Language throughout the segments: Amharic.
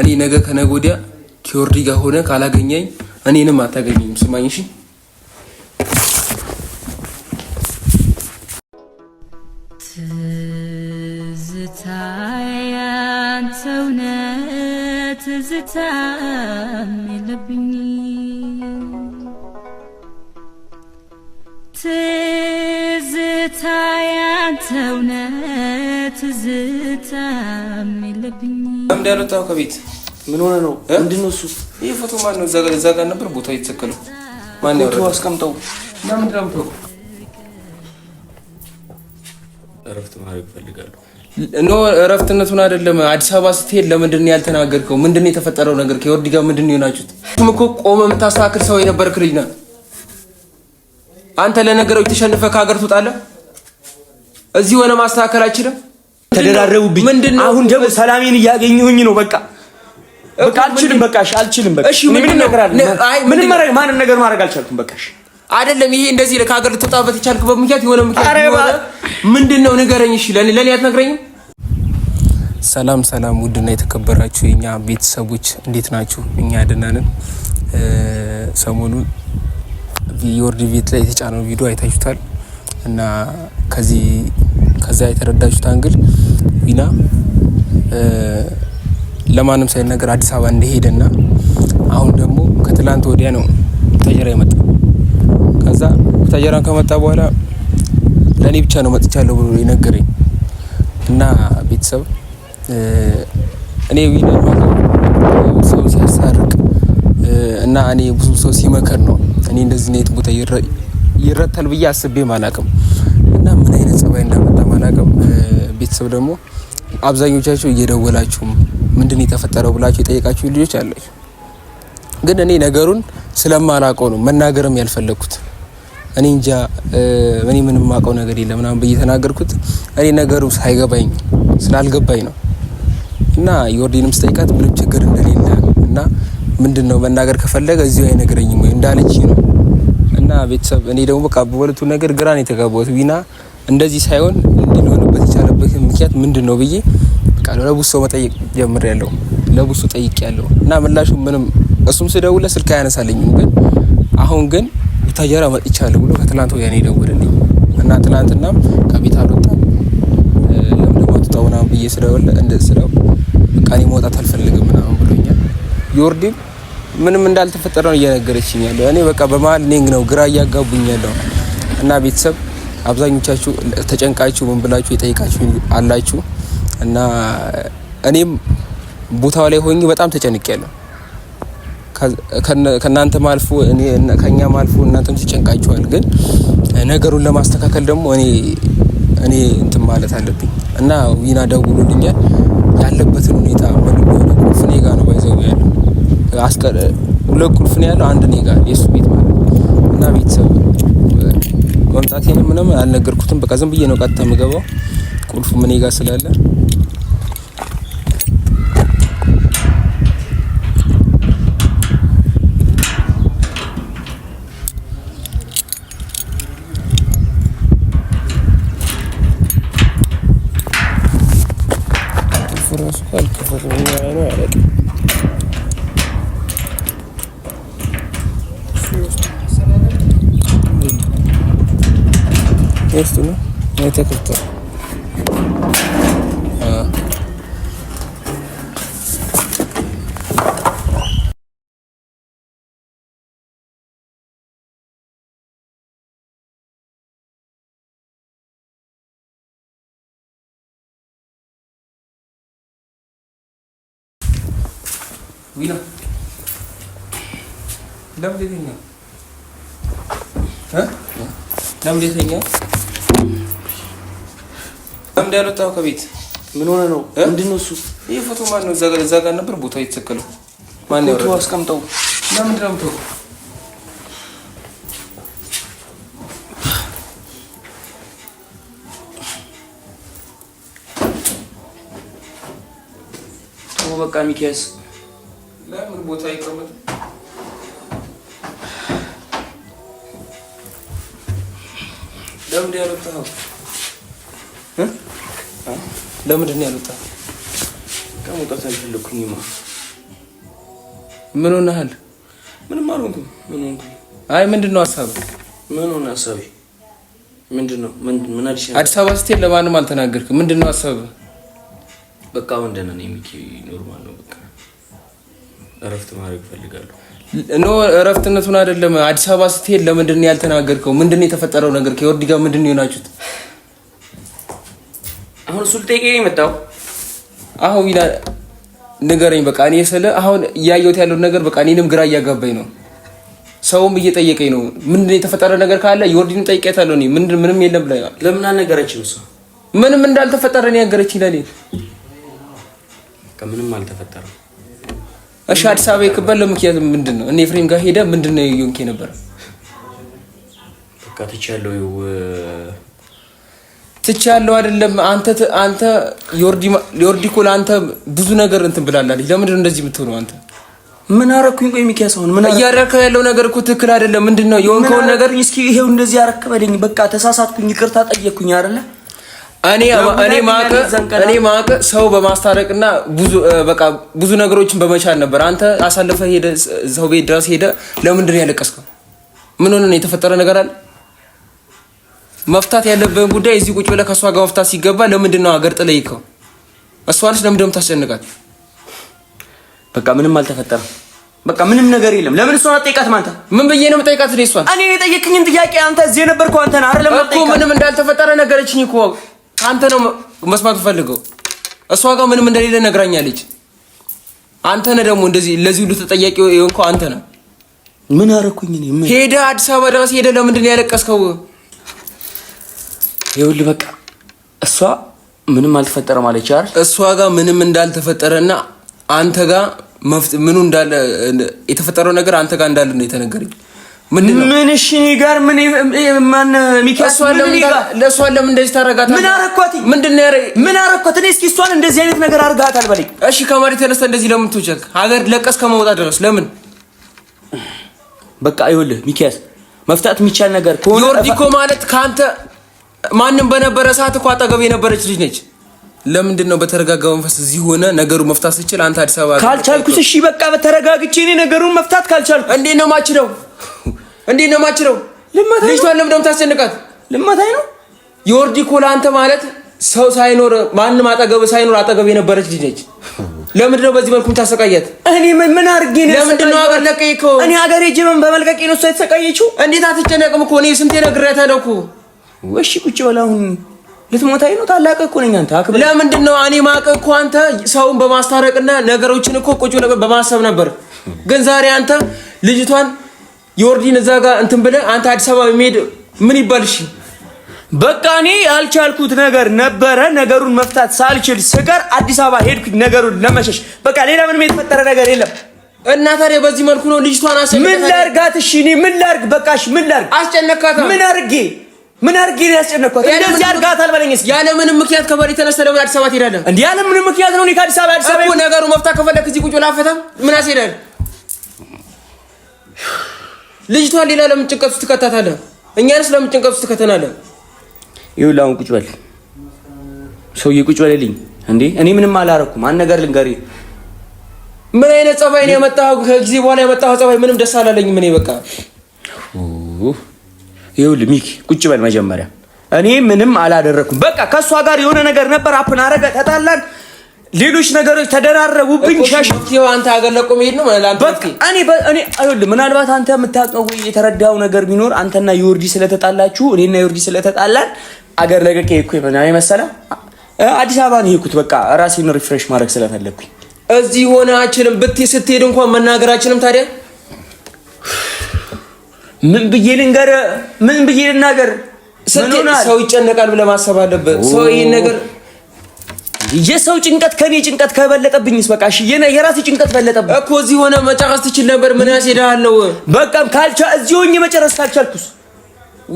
እኔ ነገ ከነገ ወዲያ ኪዮርዲ ጋር ሆነ ካላገኘኝ እኔንም አታገኘኝም። ስማኝ እሺ። ትዝታ ያንተው ነህ ትዝታ የለብኝ ትዝታ ያንተው ትዝታም የለብኝ። ለምንድን ያልወጣው ከቤት ምን ሆነ ነው? ምንድን ነው እሱ? ይህ ፎቶ ማን ነው? እዛ ጋር ነበር ቦታ የተሰቀለው። ማን ያወረደ? አስቀምጠው። ለምንድን ነው? እረፍት ማድረግ እፈልጋለሁ። ኖ እረፍትነቱን አይደለም። አዲስ አበባ ስትሄድ ለምንድን ነው ያልተናገርከው? ምንድን ነው የተፈጠረው ነገር? ከወዲ ጋር ምንድን ነው የሆናችሁት? እሱም እኮ ቆመ የምታስተካክል ሰው የነበርክ ልጅ ነህ አንተ። ለነገረው ተሸንፈ ከሀገር ትወጣለህ። እዚህ ሆነ ማስተካከል አይችልም። ተደራረቡብኝ። አሁን ደግሞ ሰላሜን እያገኘሁኝ ነው። በቃ በቃ አልችልም። በቃ እሺ፣ አልችልም። በቃ እሺ፣ ምንም ነገር አለ። አይ ምንም ማንም ነገር ማድረግ አልቻልኩም። በቃ እሺ፣ አይደለም ይሄ እንደዚህ ከሀገር ልትወጣበት የቻልክበት ምክንያት የሆነ ምክንያት ምንድን ነው ንገረኝ። እሺ፣ ለኔ ለኔ አትነግረኝም? ሰላም ሰላም፣ ውድና የተከበራችሁ የኛ ቤተሰቦች እንዴት ናችሁ? እኛ ደህና ነን። ሰሞኑን የወርድ ቤት ላይ የተጫነው ቪዲዮ አይታችሁታል እና ከዚህ ከዛ የተረዳችሁት አንግል ቢና ለማንም ሳይነገር አዲስ አበባ እንደሄደና አሁን ደግሞ ከትላንት ወዲያ ነው ቡታጀራ የመጣ። ከዛ ቡታጀራን ከመጣ በኋላ ለእኔ ብቻ ነው መጥቻለሁ ብሎ የነገረኝ እና ቤተሰብ እኔ ዊና ሰው ሲያሳርቅ እና እኔ ብዙ ሰው ሲመከር ነው እኔ እንደዚህ ነው ቦታ ይረታል ብዬ አስቤ አላቅም እና ምን አይነት ጸባይ እንዳመጣ አላቅም። ቤተሰብ ደግሞ አብዛኞቻችሁ እየደወላችሁ ምንድን የተፈጠረው ብላችሁ የጠየቃችሁ ልጆች አላችሁ። ግን እኔ ነገሩን ስለማላውቀው ነው መናገርም ያልፈለግኩት። እኔ እንጃ እኔ ምንም ማውቀው ነገር የለም ምናምን ብዬ ተናገርኩት። እኔ ነገሩ ሳይገባኝ ስላልገባኝ ነው እና የወርዲንም ስጠይቃት ምንም ችግር እንደሌለ እና ምንድን ነው መናገር ከፈለገ እዚሁ አይነግረኝም ወይ እንዳለች ነው እና ቤተሰብ እኔ ደግሞ በቃ በሁለቱ ነገር ግራ ነው የተጋባሁት ዊና እንደዚህ ሳይሆን ምክንያት ምንድን ነው ብዬ በቃ ለብዙ ሰው መጠየቅ ጀምር ያለው ጀምሬያለሁ። ጠይቅ ያለው እና ምላሹ ምንም እሱም ስደውልለት ስልክ አያነሳልኝም። ግን አሁን ግን ቡታጀራ መጥቻለሁ ብሎ ከትላንት ወዲያ ነው የደወለልኝ እና ትላንትና ከቤት አልወጣም ለምን ወጣው ምናምን ብዬ ስደውል እንደ ስለው በቃ እኔ መውጣት አልፈልግም ምናምን ብሎኛል። ዮርዲም ምንም እንዳልተፈጠረ ነው እየነገረችኝ ያለው። እኔ በቃ በመሀል እኔ ነው ግራ እያጋቡኝ ያለው እና ቤተሰብ አብዛኞቻችሁ ተጨንቃችሁ ምን ብላችሁ የጠይቃችሁ አላችሁ እና እኔም ቦታው ላይ ሆኜ በጣም ተጨንቅ ያለሁ ከእናንተ ማልፎ ከእኛ ማልፎ እናንተም ተጨንቃችኋል። ግን ነገሩን ለማስተካከል ደግሞ እኔ እኔ እንትን ማለት አለብኝ እና ዊና ደውሎልኛል። ያለበትን ሁኔታ ምን እንደሆነ ቁልፍ እኔ ጋ ነው ባይዘው ያለው ሁለት ቁልፍ ነው ያለው አንድ እኔ ጋ የእሱ ቤት ማለት እና ቤተሰብ መምጣቴንም ምንም አልነገርኩትም። በቃ ዝም ብዬ ነው ቀጥታ የምገባው ቁልፉ ምን ጋ ስላለ ዊና ለምን የተኛ ለምን የተኛ ለምን ያልወጣው ከቤት ምን ሆነ ነው? ምንድን ነው እሱ? ይህ ፎቶ ማን ነው? እዛ ጋር ነበር ቦታ የተሰቀለው። ማን ያወረደ? አስቀምጠው። ለምንድን ነው የምትወው? በቃ ሚኪያስ ቦታ ይቀመጥ። ለምንድን ያልወጣኸው? ለምንድን ያልወጣኸው? ከመውጣት አልፈለኩኝማ። ምን ሆነሃል? ምንም አልሆንኩም። ምን ሆንኩኝ? አይ ምንድን ነው ሀሳብህ? ምን ሆነ ሀሳቤ? ምንድን ነው? ምን አዲስ አበባ ስትሄድ ለማንም አልተናገርክም። ምንድን ነው ሀሳብህ? በቃ ወንደነ ነው የሚኪ ኖርማል ነው በቃ እረፍት ማድረግ እፈልጋለሁ። ኖ እረፍትነቱን አይደለም። አዲስ አበባ ስትሄድ ለምንድን ነው ያልተናገርከው? ምንድን ነው የተፈጠረው ነገር? ከወዲ ጋር ምንድን ነው የሆናችሁት? አሁን እሱ ልጠይቀኝ ነው የመጣው። አሁን ይላል ንገረኝ። በቃ እኔ ስለ አሁን እያየሁት ያለው ነገር በቃ እኔንም ግራ እያጋባኝ ነው። ሰውም እየጠየቀኝ ነው። ምንድን ነው የተፈጠረ ነገር ካለ የወርዲን ጠይቄያታለሁ። እኔ ምንድን ምንም የለም ብላ ለምን አልነገረችም? እሱ ምንም እንዳልተፈጠረ ነው ያገረችኝ። ለኔ ከምንም አልተፈጠረም እሺ አዲስ አበባ የክበል ለምክንያት ምንድን ነው? እኔ ፍሬም ጋር ሄደ ምንድን ነው የዩንኬ ነበር በቃ ትቻለው ትቻለው አይደለም። አንተ አንተ ዮርዲ ዮርዲ እኮ ለአንተ ብዙ ነገር እንትን ብላላል። ለምንድን ነው እንደዚህ የምትሆነው አንተ? ምን አረኩኝ? ቆይ ሚኪያስ፣ አሁን ምን እያደረከው ያለው ነገር እኮ ትክክል አይደለም። ምንድን ነው የሆንከውን ነገር እስኪ ይሄው እንደዚህ አረከበልኝ። በቃ ተሳሳትኩኝ፣ ይቅርታ ጠየቅኩኝ አይደለም እኔ ማቀ ሰው በማስታረቅና በቃ ብዙ ነገሮችን በመቻል ነበር። አንተ አሳልፈ ሄደ ሰው ቤት ድረስ ሄደ። ለምንድን ያለቀስከው? ምን ሆነ? የተፈጠረ ነገር አለ? መፍታት ያለብህን ጉዳይ እዚህ ቁጭ ብለህ ከእሷ ጋር መፍታት ሲገባ ለምንድን ነው ሀገር ጥለህ ይከው? እሷንስ ለምንድን ነው የምታስጨንቃት? በቃ ምንም አልተፈጠረም። በቃ ምንም ነገር የለም። ለምን እሷን አትጠይቃትም? አንተ ምን ብዬ ነው የምጠይቃት? እሷን እኔ የጠየቅኝን ጥያቄ አንተ እዚህ የነበርከው አንተ ነህ ምንም እንዳልተፈጠረ ነገረችኝ እኮ ከአንተ ነው መስማት ፈልገው። እሷ ጋር ምንም እንደሌለ ነግራኛለች። አንተ ነህ ደግሞ እንደዚህ ለዚህ ሁሉ ተጠያቂ የሆንከው አንተ ነህ። ምን አደረኩኝ እኔ? ምን አዲስ አበባ ድረስ ሄደ ለምንድን ነው ያለቀስከው? ይኸውልህ በቃ እሷ ምንም አልተፈጠረም አለች አይደል? እሷ ጋር ምንም እንዳልተፈጠረና አንተ ጋር ምኑ እንዳለ የተፈጠረው ነገር አንተ ጋር እንዳለ ነው የተነገረኝ። ምን እሺ፣ እኔ ጋር ምን ማን ሚካኤል ለእሷን ለምን እንደዚህ ታደርጋታለህ? ምን አረኳት? ምንድን ነው ምን አረኳት? እኔ እስኪ እሷን እንደዚህ አይነት ነገር አድርጋታል በለኝ። እሺ፣ ከመሬት ተነስተ እንደዚህ ለምን ትወጀክ? ሀገር ለቀስ ከመውጣት ድረስ ለምን? በቃ ይኸውልህ ሚካኤል፣ መፍታት የሚቻል ነገር ከሆነ ዮርዲ እኮ ማለት ከአንተ ማንም በነበረ ሰዓት እኮ አጠገብ የነበረች ልጅ ነች። ለምንድን ነው በተረጋጋ መንፈስ እዚህ ሆነ ነገሩ መፍታት ስችል አንተ አዲስ አበባ ካልቻልኩስ? እሺ፣ በቃ በተረጋግቼ እኔ ነገሩን መፍታት ካልቻልኩ እንዴት ነው ማችለው እንዴት ነው የማችለው? ልጅቷን ለምደም ታስጨንቃት? ልመታኝ ነው የወርዲ እኮ ለአንተ ማለት ሰው ሳይኖር ማንም አጠገብ ሳይኖር አጠገብ የነበረች ልጅ ነች። ለምንድን ነው በዚህ መልኩ የምታሰቃያት? እኔ ምን አድርጌ ነው? ለምንድን ነው ሀገር ለቀይከው? እኔ አገር ሄጄ ምን በመልቀቄ ነው እሷ የተሰቃየችው? እንዴት አትጨነቅም እኮ እኔ ስንቴ ነግሬያታለሁ እኮ። እሺ ቁጭ በል አሁን ልትሞታኝ ነው? ታላቅ እኮ ነኝ አንተ። አክብር። ለምንድን ነው እኔ ማቀ እኮ አንተ ሰውን በማስታረቅና ነገሮችን እኮ ቁጭ በማሰብ ነበር። ግን ዛሬ አንተ ልጅቷን የወርዲን እዛ ጋር እንትን ብለህ አንተ አዲስ አበባ የሚሄድ ምን ይባል? እሺ በቃ እኔ ያልቻልኩት ነገር ነበረ። ነገሩን መፍታት ሳልችል ስቀር አዲስ አበባ ሄድኩኝ ነገሩን ለመሸሽ። በቃ ሌላ ምንም የተፈጠረ ነገር የለም። እና ታዲያ በዚህ መልኩ ነው ልጅቷን አሰ ምን ላርጋት? እሺ እኔ ምን ላርግ? በቃሽ፣ ምን ላርግ? አስጨነካታ። ምን አርጌ ምን አርጌ ነው ያስጨነኳት? እንደዚህ አርጋት አልበለኝ። እስኪ ያለ ምንም ምክንያት ከበሬ ተነስተህ ለምን አዲስ አበባ ትሄዳለህ? እንዴ ያለ ምንም ምክንያት ነው እኔ ከአዲስ አበባ አዲስ አበባ ነገሩ መፍታት ከፈለክ እዚህ ቁጭ ብለህ አፈታም ምን አስሄዳለህ ልጅቷን ሌላ ለምን ጭንቀት ውስጥ ትከታታለህ? እኛንስ ለምን ጭንቀት ውስጥ ትከተናለህ? ይኸውልህ አሁን ቁጭ በል ሰውዬ፣ ቁጭ በልልኝ። እንዴ እኔ ምንም አላረኩም። አንድ ነገር ልንገርህ። ምን አይነት ጸባይ ነው ያመጣኸው? ከጊዜ በኋላ ያመጣኸው ጸባይ ምንም ደስ አላለኝም። እኔ በቃ ይኸውልህ ሚኪ፣ ቁጭ በል መጀመሪያ። እኔ ምንም አላደረኩም። በቃ ከእሷ ጋር የሆነ ነገር ነበር፣ አፕን አረገ፣ ተጣላን ሌሎች ነገሮች ተደራረቡብኝ። ሻሽፍት አንተ ሀገር ለቆ መሄድ ነው ምናልባት አንተ የምታውቀው የተረዳው ነገር ቢኖር አንተና ዮርጂ ስለተጣላችሁ እኔና ዮርጂ ስለተጣላን አገር ለቀቅ ይኩ መሰለ አዲስ አበባ ነው ይኩት። በቃ ራሴን ሪፍሬሽ ማድረግ ስለፈለግኩኝ እዚህ ሆነ አችልም ብት ስትሄድ እንኳን መናገራችንም ታዲያ ምን ብዬ ልንገር? ምን ብዬ ልናገር? ሰው ይጨነቃል ብለህ ማሰብ አለበት ሰው ይሄን ነገር የሰው ጭንቀት ከኔ ጭንቀት ከበለጠብኝስ በቃ እሺ፣ የራሴ ጭንቀት በለጠብኝ እኮ። እዚህ ሆነ መጨረስ ትችል ነበር። ምን ያስሄዳለው? በቃ ካልቻ እዚህ ሆኜ መጨረስ ካልቻልኩስ?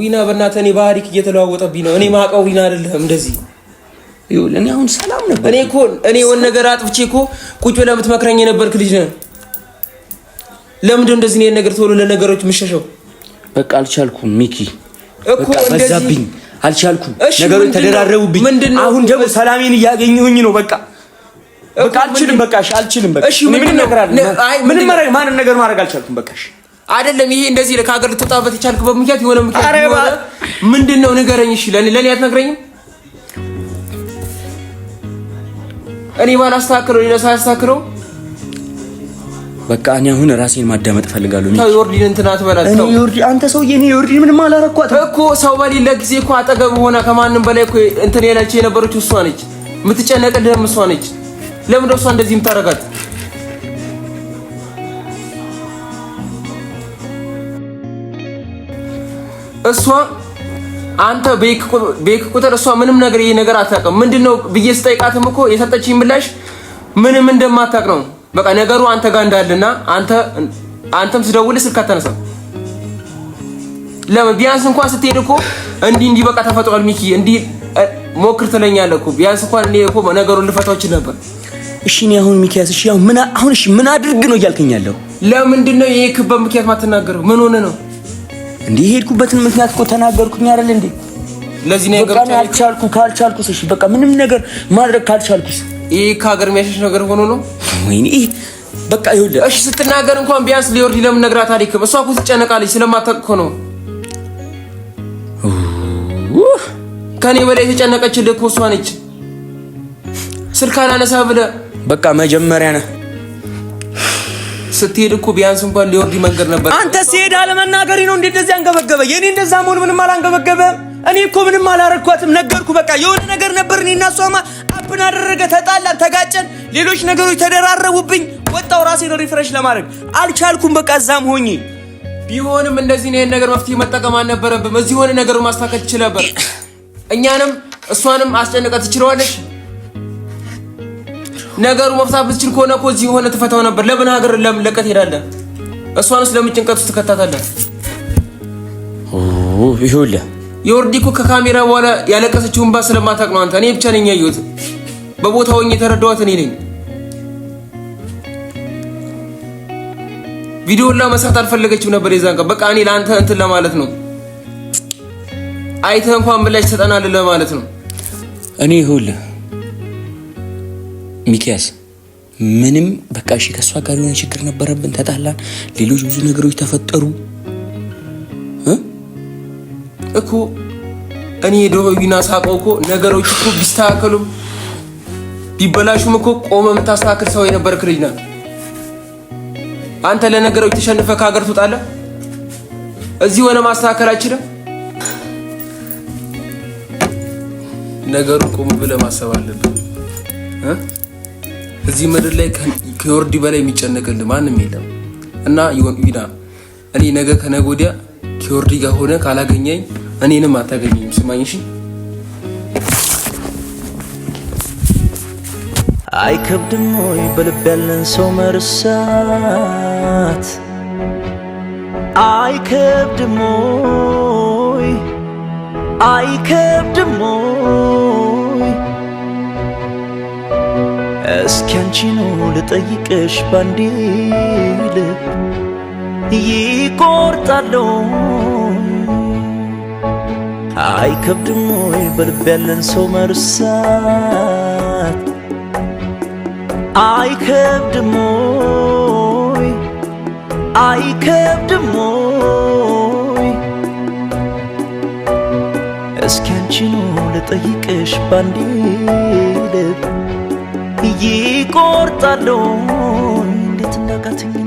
ዊና በእናትህ እኔ ባህሪክ እየተለዋወጠብኝ ነው። እኔ ማውቀው ዊና አይደለም እንደዚህ ይኸውልህ እኔ አሁን ሰላም ነበር። እኔ እኮ እኔ የሆነ ነገር አጥፍቼ እኮ ቁጭ ብለህ የምትመክረኝ የነበርክ ልጅ ነህ። ለምንድን እንደዚህ ነው ነገር ቶሎ ለነገሮች የምሸሸው? በቃ አልቻልኩም ሚኪ፣ እኮ እንደዚህ አልቻልኩም። ነገሮች ተደራረቡብኝ። አሁን ደግሞ ሰላሜን እያገኘሁኝ ነው። በቃ በቃ አልችልም። በቃ እሺ፣ አልችልም። በቃ እሺ፣ ምንም ነገር ማንን ነገር ማድረግ አልቻልኩም። በቃ እሺ አይደለም ይሄ እንደዚህ ከሀገር ልትወጣበት የቻልክበት ምክንያት የሆነ ምክንያት ምንድን ነው? ንገረኝ። እሺ ለኔ ለኔ አትነግረኝም? እኔ ባላስተካክለው ሌላ ሳያስተካክለው በቃ እኔ አሁን ራሴን ማዳመጥ እፈልጋለሁ። አንተ ሰውዬ እኔ ዮርዲን ምንም አላረኳት እኮ ሰው በሌለ ጊዜ እኮ አጠገብ ሆነ ከማንም በላይ እኮ እንትን የለች የነበረች እሷ ነች። ደም እሷ ነች። ለምን እሷ እንደዚህ የምታረጋት? እሷ አንተ ቤክ ቁጥር እሷ ምንም ነገር ይሄ ነገር አታውቅም። ምንድነው ብዬ ስጠይቃትም እኮ የሰጠችኝ ምላሽ ምንም እንደማታውቅ ነው። በቃ ነገሩ አንተ ጋር እንዳለና አንተ አንተም ስደውልህ ስልክ አታነሳም። ለምን ቢያንስ እንኳን ስትሄድ እኮ እንዲህ እንዲህ በቃ ተፈጥሯል ሚኪ እንዲህ ሞክር ትለኛለህ እኮ ቢያንስ እንኳን እኔ እኮ ነገሩን ልፈታው እችል ነበር። እሺ እኔ አሁን ሚኪያስ እሺ አሁን ምን አሁን እሺ ምን አድርግ ነው እያልከኝ ያለው? ለምንድን ነው ይሄ ክብ በምክንያት ማትናገረው? ምን ሆነ ነው እንዴ? የሄድኩበትን ምክንያት እኮ ተናገርኩኝ አይደል እንዴ? ለዚህ ነገር ካልቻልኩ ካልቻልኩስ እሺ በቃ ምንም ነገር ማድረግ ካልቻልኩስ ይህ ከሀገር የሚያሸሽ ነገር ሆኖ ነው። ወይኔ በቃ ይኸውልህ፣ እሺ ስትናገር እንኳን ቢያንስ ሊወርድ ለምን ነግራት አልክም? እሷ እኮ ትጨነቃለች ስለማታውቅ እኮ ነው። ከኔ በላይ የተጨነቀች እኮ እሷ ነች። ስልክ አላነሳ ብለህ በቃ መጀመሪያ ነህ ስትሄድ እኮ ቢያንስ እንኳን ሊወርድ መንገድ ነበር። አንተ ሲሄድ አለመናገሪ ነው እንዴ? እንደዚህ አንገበገበ። የኔ እንደዛ መሆን ምንም አላንገበገበ። እኔ እኮ ምንም አላረኳትም፣ ነገርኩ። በቃ የሆነ ነገር ነበር እኔ እና እሷማ ሻምፒዮን አደረገ። ተጣላን፣ ተጋጨን፣ ሌሎች ነገሮች ተደራረቡብኝ። ወጣው ራሴን ሪፍሬሽ ለማድረግ አልቻልኩም። በቃ እዛም ሆኜ ቢሆንም እንደዚህ ነው ነገር መፍትሄ መጠቀም አልነበረብም። እዚህ ሆነ ነገሩን ማስተካከል ትችል ነበር። እኛንም እሷንም አስጨንቀት ትችለዋለች። ነገሩ መፍታት ብትችል ከሆነ እኮ እዚህ ሆነ ትፈታው ነበር። ለምን ሀገር ለምን ለቀት ሄዳለህ? እሷንስ ለምን ጭንቀት ውስጥ ትከታታለህ? ይሁላ የወርዲ ከካሜራ በኋላ ያለቀሰችውን ባ ስለማታውቅ ነው አንተ። እኔ ብቻ ነኝ ያየሁት። በቦታው የተረዳኋት እኔ ነኝ። ቪዲዮ ላ መስራት አልፈለገችም ነበር የዛን ቀን። በቃ እኔ ለአንተ እንትን ለማለት ነው አይተህ እንኳን ብላች ተጠናል ለማለት ነው። እኔ ይኸውልህ ሚኪያስ ምንም በቃ እሺ፣ ከእሷ ጋር የሆነ ችግር ነበረብን፣ ተጣላን፣ ሌሎች ብዙ ነገሮች ተፈጠሩ እኮ እኔ ዶሆ ሳቀው እኮ ነገሮች እኮ ቢስተካከሉም ቢበላሹም እኮ ቆመ የምታስተካክል ሰው የነበረ ልጅ ነህ። አንተ ለነገሮች ተሸንፈ ከሀገር ትወጣለህ። እዚህ ሆነ ማስተካከል አይችልም። ነገሩ ቆም ብለህ ማሰብ አለብህ። እዚህ ምድር ላይ ከዮርዲ በላይ የሚጨነቅልህ ማንም የለም እና ዩና እኔ ነገ ከነገ ወዲያ ከዮርዲ ጋር ሆነ ካላገኘኝ እኔንም አታገኘኝም። ስማኝ እሺ። አይከብድም ወይ በልብ ያለን ሰው መርሳት? አይከብድም ወይ አይከብድም ወይ? እስኪ አንቺኑ ልጠይቅሽ ባንዴ ልብ ይቆርጣለሁ። አይከብድም ወይ በልብ ያለን ሰው መርሳት? አይከብድሞይ አይከብድሞይ እስኪ አንቺኑ ልጠይቅሽ ባንዴ ልብ ይቆርጣለሁ እንዴት እንዳቃተኝ